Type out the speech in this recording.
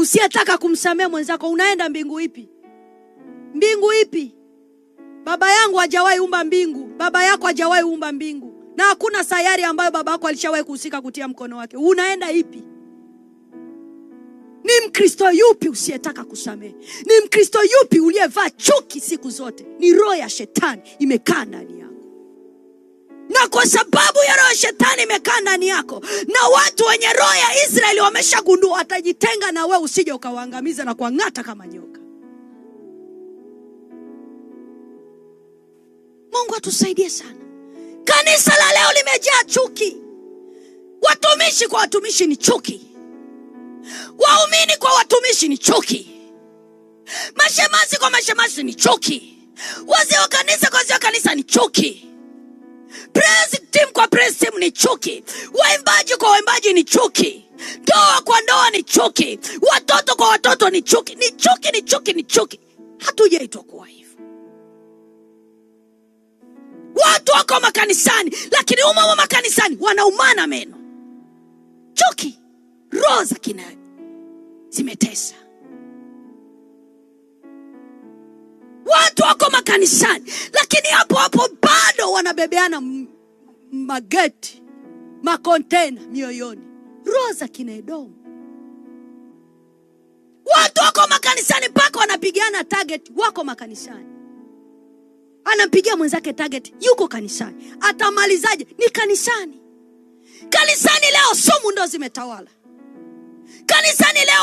usiyetaka kumsamehe mwenzako unaenda mbingu ipi? Mbingu ipi? Baba yangu hajawahi umba mbingu, baba yako hajawahi umba mbingu, na hakuna sayari ambayo baba yako alishawahi kuhusika kutia mkono wake. Unaenda ipi? Ni Mkristo yupi usiyetaka kusamehe? Ni Mkristo yupi uliyevaa chuki siku zote? Ni roho ya shetani imekaa ndani yako kwa sababu ya roho ya shetani imekaa ndani yako, na watu wenye roho ya Israeli wameshagundua, watajitenga na we usije ukawaangamiza na kuwang'ata kama nyoka. Mungu atusaidie sana. Kanisa la leo limejaa chuki, watumishi kwa watumishi ni chuki, waumini kwa watumishi ni chuki, mashemasi kwa mashemasi ni chuki, wazee wa kanisa kwa wazee wa kanisa ni chuki system ni chuki, waimbaji kwa waimbaji ni chuki, ndoa kwa ndoa ni chuki, watoto kwa watoto ni chuki, ni chuki, ni chuki, ni chuki. Hatujaitwa kuwa hivyo. Watu wako makanisani, lakini umo wa makanisani wanaumana meno, chuki, roho za kina zimetesa watu wako makanisani, lakini hapo hapo bado wanabebeana mageti, makontena mioyoni, roho za kina Edomu. Watu wako makanisani mpaka wanapigana target, wako makanisani anampigia mwenzake target, yuko kanisani, atamalizaje? Ni kanisani. Kanisani leo sumu ndo zimetawala kanisani leo.